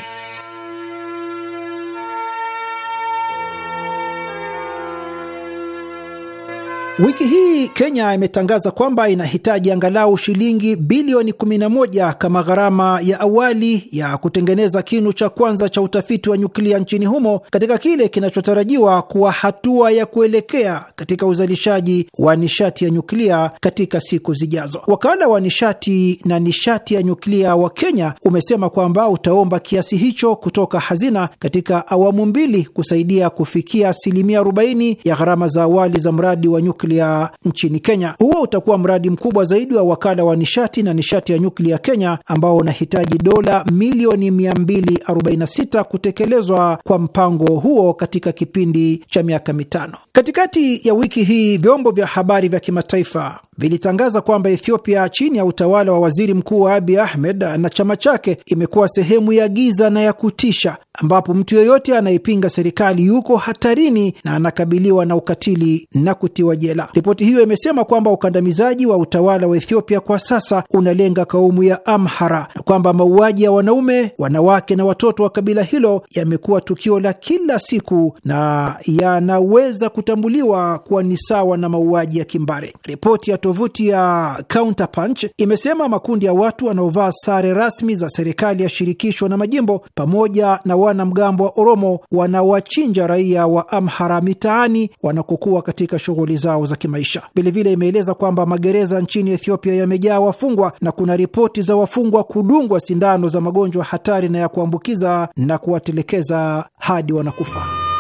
Wiki hii Kenya imetangaza kwamba inahitaji angalau shilingi bilioni 11 kama gharama ya awali ya kutengeneza kinu cha kwanza cha utafiti wa nyuklia nchini humo katika kile kinachotarajiwa kuwa hatua ya kuelekea katika uzalishaji wa nishati ya nyuklia katika siku zijazo. Wakala wa nishati na nishati ya nyuklia wa Kenya umesema kwamba utaomba kiasi hicho kutoka hazina katika awamu mbili kusaidia kufikia asilimia 40 ya gharama za awali za mradi wa nyuklia nyuklia nchini Kenya. Huo utakuwa mradi mkubwa zaidi wa wakala wa nishati na nishati ya nyuklia Kenya ambao unahitaji dola milioni 246 kutekelezwa kwa mpango huo katika kipindi cha miaka mitano. Katikati ya wiki hii vyombo vya habari vya kimataifa vilitangaza kwamba Ethiopia chini ya utawala wa waziri mkuu wa Abiy Ahmed na chama chake imekuwa sehemu ya giza na ya kutisha ambapo mtu yeyote anayepinga serikali yuko hatarini na anakabiliwa na ukatili na kutiwa jela. Mandela. Ripoti hiyo imesema kwamba ukandamizaji wa utawala wa Ethiopia kwa sasa unalenga kaumu ya Amhara na kwamba mauaji ya wanaume, wanawake na watoto wa kabila hilo yamekuwa tukio la kila siku na yanaweza kutambuliwa kuwa ni sawa na mauaji ya kimbare Ripoti ya tovuti ya Counterpunch imesema makundi ya watu wanaovaa sare rasmi za serikali ya shirikisho na majimbo pamoja na wanamgambo wa Oromo wanawachinja raia wa Amhara mitaani wanakokuwa katika shughuli zao zao za kimaisha. Vilevile imeeleza kwamba magereza nchini Ethiopia yamejaa wafungwa na kuna ripoti za wafungwa kudungwa sindano za magonjwa hatari na ya kuambukiza na kuwatelekeza hadi wanakufa.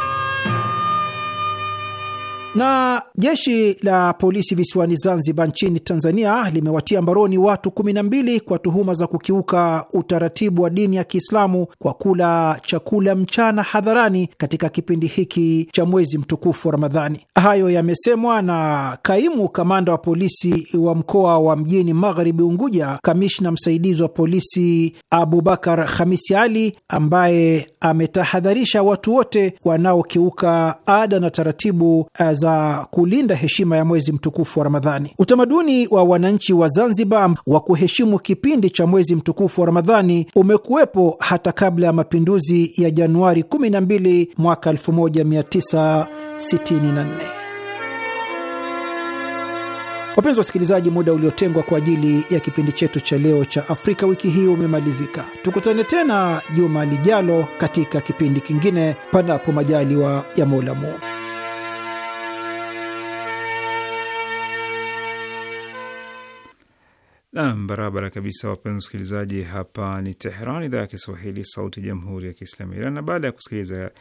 Na jeshi la polisi visiwani Zanzibar nchini Tanzania limewatia mbaroni watu 12 kwa tuhuma za kukiuka utaratibu wa dini ya Kiislamu kwa kula chakula mchana hadharani katika kipindi hiki cha mwezi mtukufu wa Ramadhani. Hayo yamesemwa na kaimu kamanda wa polisi wa mkoa wa mjini Magharibi Unguja, kamishna msaidizi wa polisi Abubakar Hamisi Ali, ambaye ametahadharisha watu wote wanaokiuka ada na taratibu eh, za kulinda heshima ya mwezi mtukufu wa Ramadhani. Utamaduni wa wananchi wa Zanzibar wa kuheshimu kipindi cha mwezi mtukufu wa Ramadhani umekuwepo hata kabla ya mapinduzi ya Januari 12 mwaka 1964. Wapenzi wasikilizaji, muda uliotengwa kwa ajili ya kipindi chetu cha leo cha Afrika wiki hii umemalizika. Tukutane tena juma lijalo katika kipindi kingine, panapo majaliwa ya Mola Muu. Nam, barabara kabisa, wapenzi msikilizaji, hapa ni Tehran, idhaa ya Kiswahili, sauti ya jamhuri ya kiislamu ya Iran. Na baada ya kusikiliza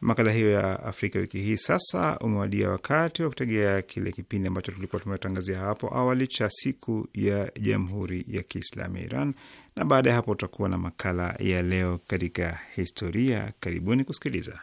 makala hiyo ya Afrika wiki hii, sasa umewadia wakati wa kutegea kile kipindi ambacho tulikuwa tumetangazia hapo awali cha siku ya jamhuri ya kiislamu ya Iran, na baada ya hapo utakuwa na makala ya leo katika historia. Karibuni kusikiliza.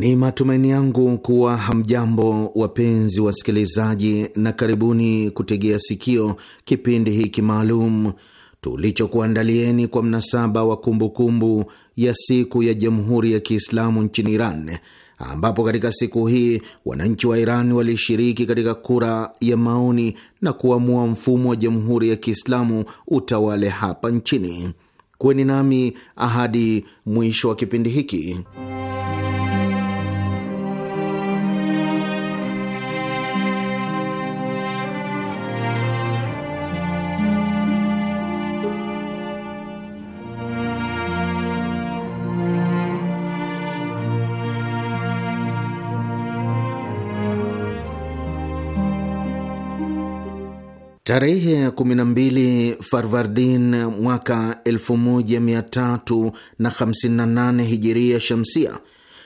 Ni matumaini yangu kuwa hamjambo wapenzi wasikilizaji, na karibuni kutegea sikio kipindi hiki maalum tulichokuandalieni kwa mnasaba wa kumbukumbu kumbu ya siku ya Jamhuri ya Kiislamu nchini Iran, ambapo katika siku hii wananchi wa Iran walishiriki katika kura ya maoni na kuamua mfumo wa Jamhuri ya Kiislamu utawale hapa nchini. kweni nami ahadi mwisho wa kipindi hiki. Tarehe ya 12 Farvardin mwaka 1358 hijiria shamsia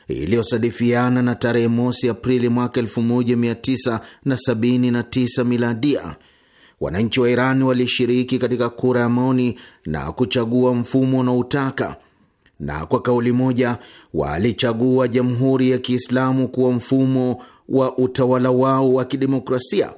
iliyosadifiana na tarehe mosi Aprili mwaka 1979 miladia, wananchi wa Iran walishiriki katika kura ya maoni na kuchagua mfumo unaoutaka na kwa kauli moja walichagua Jamhuri ya Kiislamu kuwa mfumo wa utawala wao wa kidemokrasia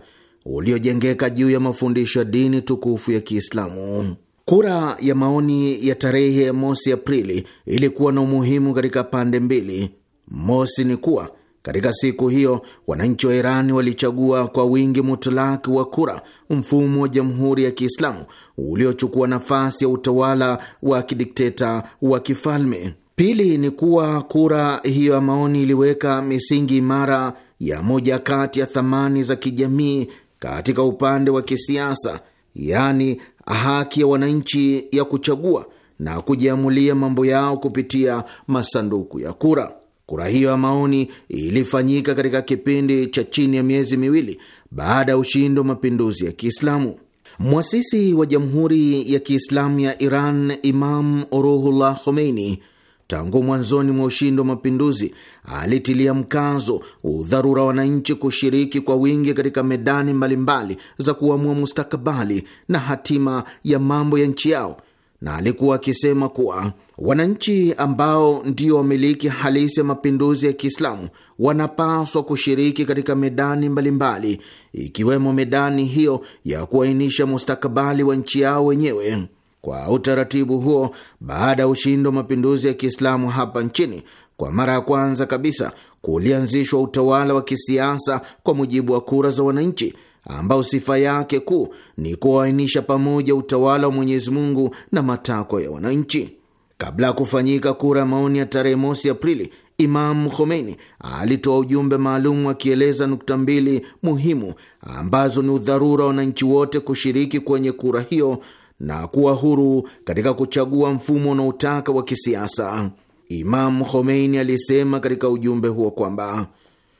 uliojengeka juu ya mafundisho ya dini tukufu ya Kiislamu. Kura ya maoni ya tarehe mosi Aprili ilikuwa na umuhimu katika pande mbili. Mosi ni kuwa katika siku hiyo wananchi wa Irani walichagua kwa wingi mutlaki wa kura mfumo wa jamhuri ya Kiislamu uliochukua nafasi ya utawala wa kidikteta wa kifalme. Pili ni kuwa kura hiyo ya maoni iliweka misingi imara ya moja kati ya thamani za kijamii katika upande wa kisiasa, yaani haki ya wananchi ya kuchagua na kujiamulia mambo yao kupitia masanduku ya kura. Kura hiyo ya maoni ilifanyika katika kipindi cha chini ya miezi miwili baada ya ushindi wa mapinduzi ya Kiislamu. Mwasisi wa Jamhuri ya Kiislamu ya Iran Imam Ruhullah Khomeini Tangu mwanzoni mwa ushindi wa mapinduzi alitilia mkazo udharura wa wananchi kushiriki kwa wingi katika medani mbalimbali za kuamua mustakabali na hatima ya mambo ya nchi yao, na alikuwa akisema kuwa wananchi ambao ndio wamiliki halisi ya mapinduzi ya Kiislamu wanapaswa kushiriki katika medani mbalimbali, ikiwemo medani hiyo ya kuainisha mustakabali wa nchi yao wenyewe kwa utaratibu huo baada ya ushindi wa mapinduzi ya Kiislamu hapa nchini. Kwa mara ya kwanza kabisa kulianzishwa utawala wa kisiasa kwa mujibu wa kura za wananchi ambao sifa yake kuu ni kuainisha pamoja utawala wa Mwenyezi Mungu na matakwa ya wananchi. Kabla ya kufanyika kura ya maoni ya tarehe mosi Aprili, Imamu Khomeini alitoa ujumbe maalum akieleza nukta mbili muhimu ambazo ni udharura wa wananchi wote kushiriki kwenye kura hiyo na kuwa huru katika kuchagua mfumo utaka wa kisiasa. Imamu Khomeini alisema katika ujumbe huo kwamba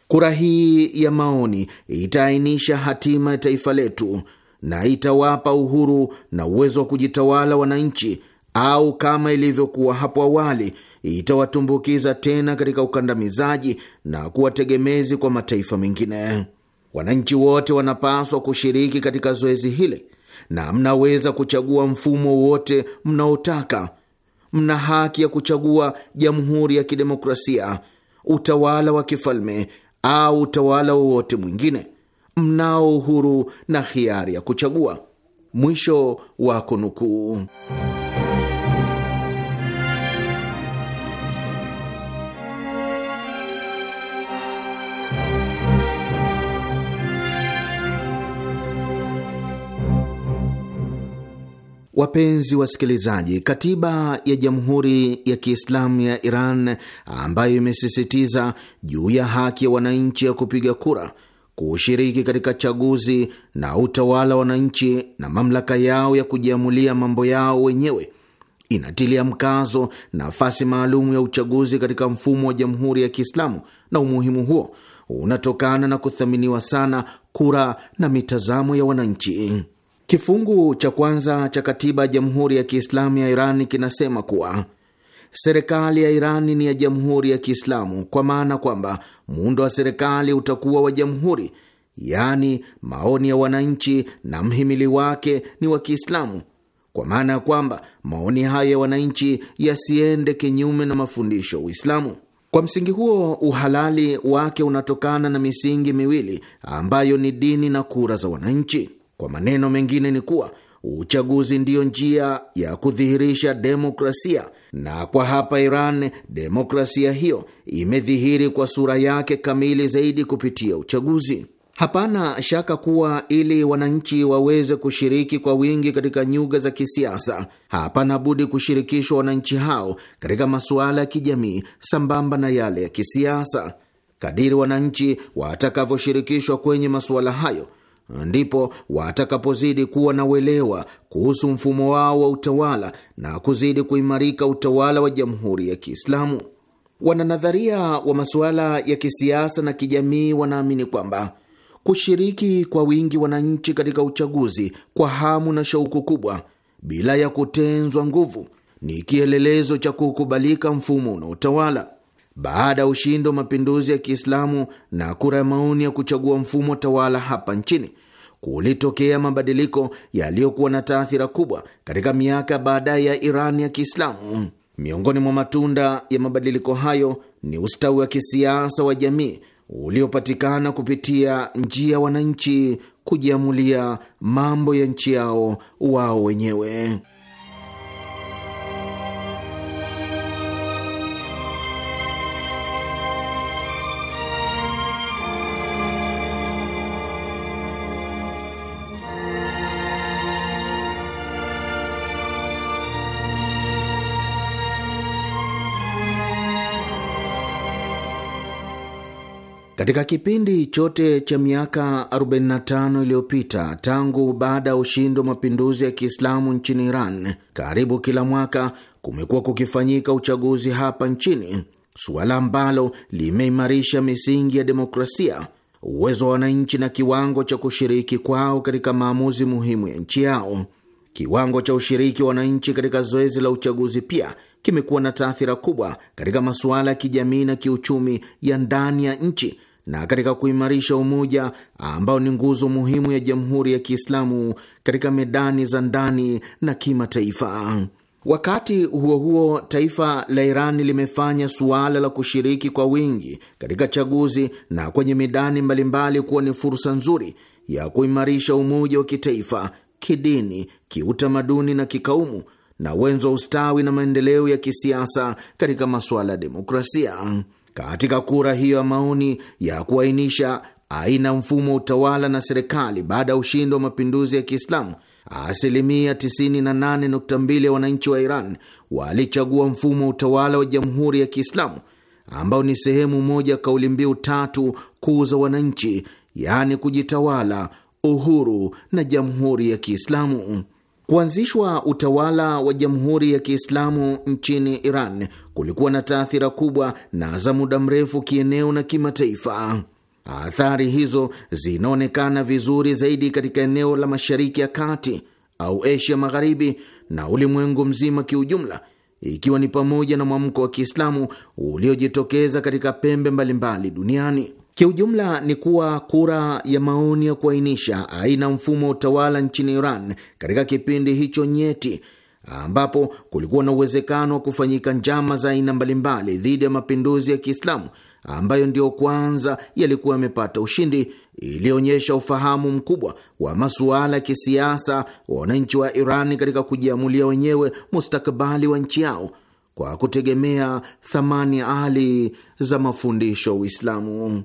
kura hii ya maoni itaainisha hatima ya taifa letu na itawapa uhuru na uwezo wa kujitawala wananchi, au kama ilivyokuwa hapo awali, itawatumbukiza tena katika ukandamizaji na kuwa tegemezi kwa mataifa mengine. Wananchi wote wanapaswa kushiriki katika zoezi hili na mnaweza kuchagua mfumo wote mnaotaka. Mna haki ya kuchagua jamhuri ya kidemokrasia, utawala wa kifalme au utawala wowote mwingine. Mnao uhuru na hiari ya kuchagua. Mwisho wa kunukuu. Wapenzi wasikilizaji, katiba ya Jamhuri ya Kiislamu ya Iran ambayo imesisitiza juu ya haki ya wananchi ya kupiga kura, kushiriki katika chaguzi na utawala wa wananchi na mamlaka yao ya kujiamulia mambo yao wenyewe inatilia mkazo nafasi maalum ya uchaguzi katika mfumo wa Jamhuri ya Kiislamu, na umuhimu huo unatokana na kuthaminiwa sana kura na mitazamo ya wananchi. Kifungu cha kwanza cha katiba ya Jamhuri ya Kiislamu ya Iran kinasema kuwa serikali ya Irani ni ya Jamhuri ya Kiislamu, kwa maana kwamba muundo wa serikali utakuwa wa jamhuri, yaani maoni ya wananchi na mhimili wake ni wa Kiislamu, kwa maana ya kwamba maoni hayo ya wananchi yasiende kinyume na mafundisho ya Uislamu. Kwa msingi huo, uhalali wake unatokana na misingi miwili ambayo ni dini na kura za wananchi. Kwa maneno mengine ni kuwa uchaguzi ndiyo njia ya kudhihirisha demokrasia, na kwa hapa Iran demokrasia hiyo imedhihiri kwa sura yake kamili zaidi kupitia uchaguzi. Hapana shaka kuwa ili wananchi waweze kushiriki kwa wingi katika nyuga za kisiasa, hapana budi kushirikishwa wananchi hao katika masuala ya kijamii sambamba na yale ya kisiasa. Kadiri wananchi watakavyoshirikishwa kwenye masuala hayo ndipo watakapozidi kuwa na uelewa kuhusu mfumo wao wa utawala na kuzidi kuimarika utawala wa Jamhuri ya Kiislamu. Wananadharia wa masuala ya kisiasa na kijamii wanaamini kwamba kushiriki kwa wingi wananchi katika uchaguzi kwa hamu na shauku kubwa bila ya kutenzwa nguvu ni kielelezo cha kukubalika mfumo unaotawala baada ya ushindi wa mapinduzi ya Kiislamu na kura ya maoni ya kuchagua mfumo tawala hapa nchini, kulitokea mabadiliko yaliyokuwa na taathira kubwa katika miaka baadaye ya Iran ya Kiislamu. Miongoni mwa matunda ya mabadiliko hayo ni ustawi wa kisiasa wa jamii uliopatikana kupitia njia wananchi kujiamulia mambo ya nchi yao wao wenyewe. Katika kipindi chote cha miaka 45 iliyopita tangu baada ya ushindi wa mapinduzi ya Kiislamu nchini Iran, karibu kila mwaka kumekuwa kukifanyika uchaguzi hapa nchini, suala ambalo limeimarisha misingi ya demokrasia, uwezo wa wananchi na kiwango cha kushiriki kwao katika maamuzi muhimu ya nchi yao. Kiwango cha ushiriki wa wananchi katika zoezi la uchaguzi pia kimekuwa na taathira kubwa katika masuala ya kijamii na kiuchumi ya ndani ya nchi na katika kuimarisha umoja ambao ni nguzo muhimu ya Jamhuri ya Kiislamu katika medani za ndani na kimataifa. Wakati huo huo, taifa la Irani limefanya suala la kushiriki kwa wingi katika chaguzi na kwenye midani mbalimbali kuwa ni fursa nzuri ya kuimarisha umoja wa kitaifa, kidini, kiutamaduni na kikaumu na wenzo wa ustawi na maendeleo ya kisiasa katika masuala ya demokrasia. Katika kura hiyo ya maoni ya kuainisha aina mfumo wa utawala na serikali baada ya ushindi wa mapinduzi ya Kiislamu, asilimia 98.2 ya wananchi wa Iran walichagua mfumo wa utawala wa jamhuri ya Kiislamu, ambao ni sehemu moja ya kauli mbiu tatu kuu za wananchi, yaani kujitawala, uhuru na jamhuri ya Kiislamu. Kuanzishwa utawala wa Jamhuri ya Kiislamu nchini Iran kulikuwa na taathira kubwa na za muda mrefu kieneo na kimataifa. Athari hizo zinaonekana vizuri zaidi katika eneo la Mashariki ya Kati au Asia Magharibi na ulimwengu mzima kiujumla, ikiwa ni pamoja na mwamko wa Kiislamu uliojitokeza katika pembe mbalimbali duniani. Kiujumla ni kuwa kura ya maoni ya kuainisha aina mfumo wa utawala nchini Iran katika kipindi hicho nyeti ambapo kulikuwa na uwezekano wa kufanyika njama za aina mbalimbali dhidi ya mapinduzi ya Kiislamu ambayo ndiyo kwanza yalikuwa yamepata ushindi, ilionyesha ufahamu mkubwa wa masuala ya kisiasa wa wananchi wa Iran katika kujiamulia wenyewe mustakabali wa nchi yao kwa kutegemea thamani ali za mafundisho ya Uislamu.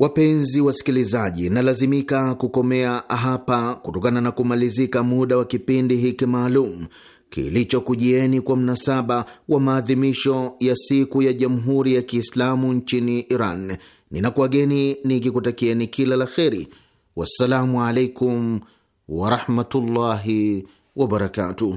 Wapenzi wasikilizaji, nalazimika kukomea hapa kutokana na kumalizika muda wa kipindi hiki maalum kilichokujieni kwa mnasaba wa maadhimisho ya siku ya Jamhuri ya Kiislamu nchini Iran. Ninakuwageni nikikutakieni kila la kheri. Wassalamu alaikum warahmatullahi wabarakatuh.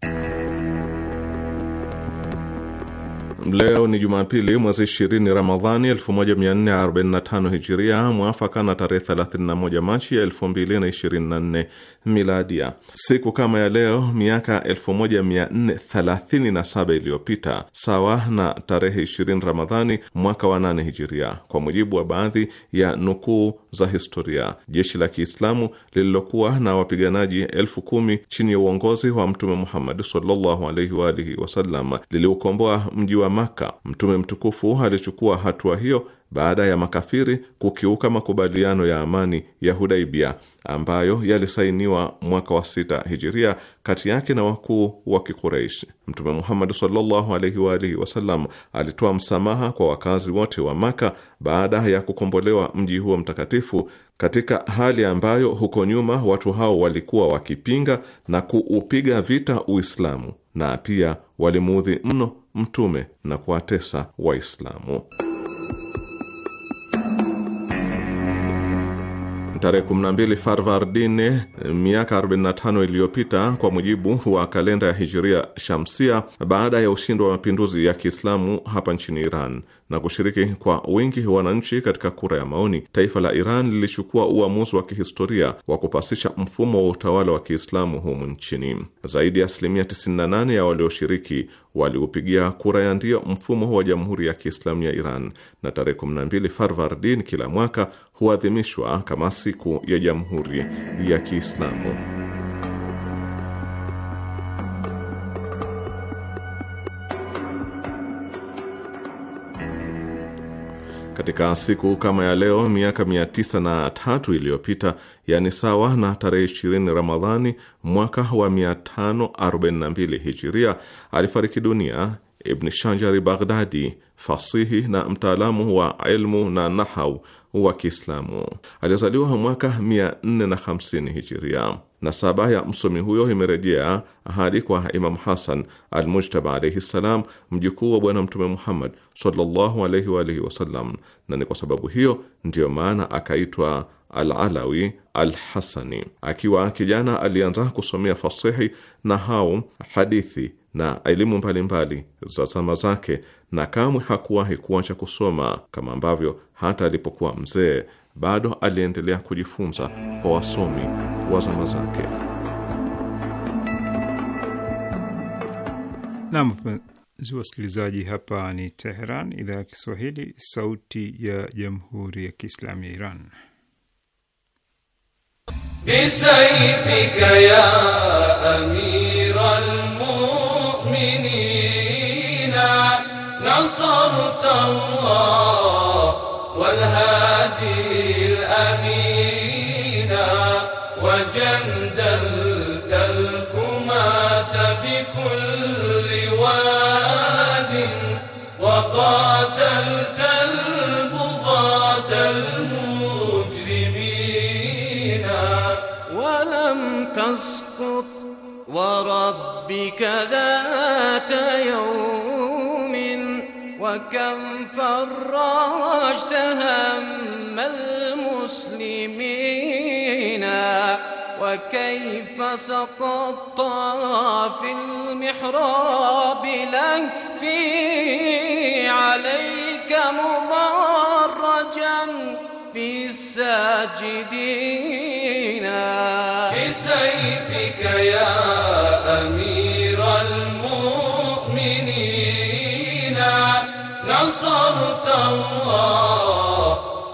Leo ni Jumapili, mwezi 20 Ramadhani 1445 Hijiria, mwafaka na tarehe 31 Machi ya 2024 Miladia. Siku kama ya leo miaka 1437 iliyopita, sawa na tarehe 20 Ramadhani mwaka wa 8 Hijiria, kwa mujibu wa baadhi ya nukuu za historia, jeshi la Kiislamu lililokuwa na wapiganaji elfu kumi chini ya uongozi wa Mtume Muhammad sallallahu alaihi wa alihi wasallam liliukomboa mji wa Makka. Mtume mtukufu alichukua hatua hiyo baada ya makafiri kukiuka makubaliano ya amani ya Hudaibia ambayo yalisainiwa mwaka wa sita hijiria kati yake na wakuu wa Kikureishi. Mtume Muhammad sallallahu alaihi wa alihi wasallam alitoa msamaha kwa wakazi wote wa Maka baada ya kukombolewa mji huo mtakatifu, katika hali ambayo huko nyuma watu hao walikuwa wakipinga na kuupiga vita Uislamu na pia walimuudhi mno mtume na kuwatesa Waislamu. Tarehe 12 Farvardine miaka 45 iliyopita kwa mujibu wa kalenda ya Hijiria Shamsia, baada ya ushindi wa mapinduzi ya Kiislamu hapa nchini Iran, na kushiriki kwa wingi wananchi katika kura ya maoni, taifa la Iran lilichukua uamuzi wa kihistoria wa kupasisha mfumo wa utawala wa Kiislamu humu nchini. Zaidi ya asilimia 98 ya walioshiriki waliupigia kura ya ndio mfumo wa Jamhuri ya Kiislamu ya Iran, na tarehe 12 Farvardin kila mwaka huadhimishwa kama siku ya Jamhuri ya Kiislamu. Katika siku kama ya leo miaka mia tisa na tatu iliyopita, yani sawa na tarehe 20 Ramadhani mwaka wa 542 Hijiria, alifariki dunia Ibn Shanjari Baghdadi, fasihi na mtaalamu wa ilmu na nahau wa Kiislamu. Alizaliwa mwaka 450 hijiria. Nasaba ya msomi huyo imerejea hadi kwa Imamu Hasan Almujtaba alaihi ssalam, mjukuu wa Bwana Mtume Muhammad sallallahu alaihi wa alihi wasallam, na ni kwa sababu hiyo ndiyo maana akaitwa Alalawi Alhasani. Akiwa kijana alianza kusomea fasihi na hau hadithi na elimu mbalimbali za zama zake, na kamwe hakuwahi kuacha kusoma kama ambavyo hata alipokuwa mzee bado aliendelea kujifunza kwa wasomi wa zama zake. Nam mpenzi wasikilizaji, hapa ni Teheran, idhaa ya Kiswahili, sauti ya jamhuri ya kiislamu ya Iran. nasarta Allah والهادي الأمين وجندلت الكماة بكل واد وقاتلت البغاة المجرمين ولم تسقط وربك ذات يوم كم فرجت هم المسلمين وكيف سقطت في المحراب لهفي عليك مضرجا في الساجدين بسيف نصرت الله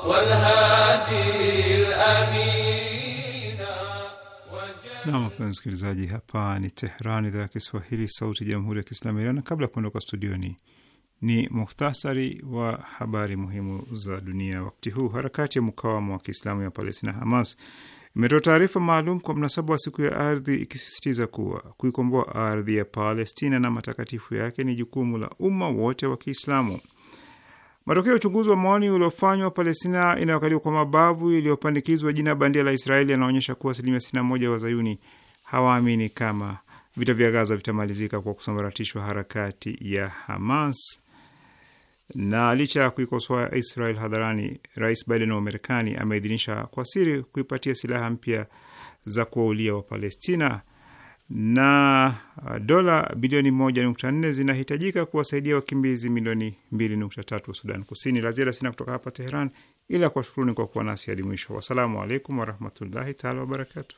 والهادي الأمين msikilizaji, hapa ni Tehran, idhaa ya Kiswahili, sauti ya jamhuri ya kiislamu ya Iran. Kabla ya kuondoka studioni, ni muhtasari wa habari muhimu za dunia wakati huu. Harakati ya mkawama wa kiislamu ya Palestina, Hamas, imetoa taarifa maalum kwa mnasaba wa siku ya ardhi ikisisitiza kuwa kuikomboa ardhi ya Palestina na matakatifu yake ni jukumu la umma wote wa Kiislamu. Matokeo ya uchunguzi wa maoni uliofanywa Palestina inayokaliwa kwa mabavu iliyopandikizwa jina bandia la Israeli yanaonyesha kuwa asilimia 61 wa wazayuni hawaamini kama vita vya Gaza vitamalizika kwa kusambaratishwa harakati ya Hamas. Na licha ya kuikosoa Israel hadharani, Rais Biden wa Marekani ameidhinisha kwa siri kuipatia silaha mpya za kuwaulia Wapalestina na uh, dola bilioni moja nukta nne zinahitajika kuwasaidia wakimbizi milioni mbili nukta tatu Sudan Kusini. La ziada sina kutoka hapa Teheran, ila kuwashukuruni kwa kuwa nasi hadi mwisho. Wassalamu alaikum warahmatullahi taala wabarakatu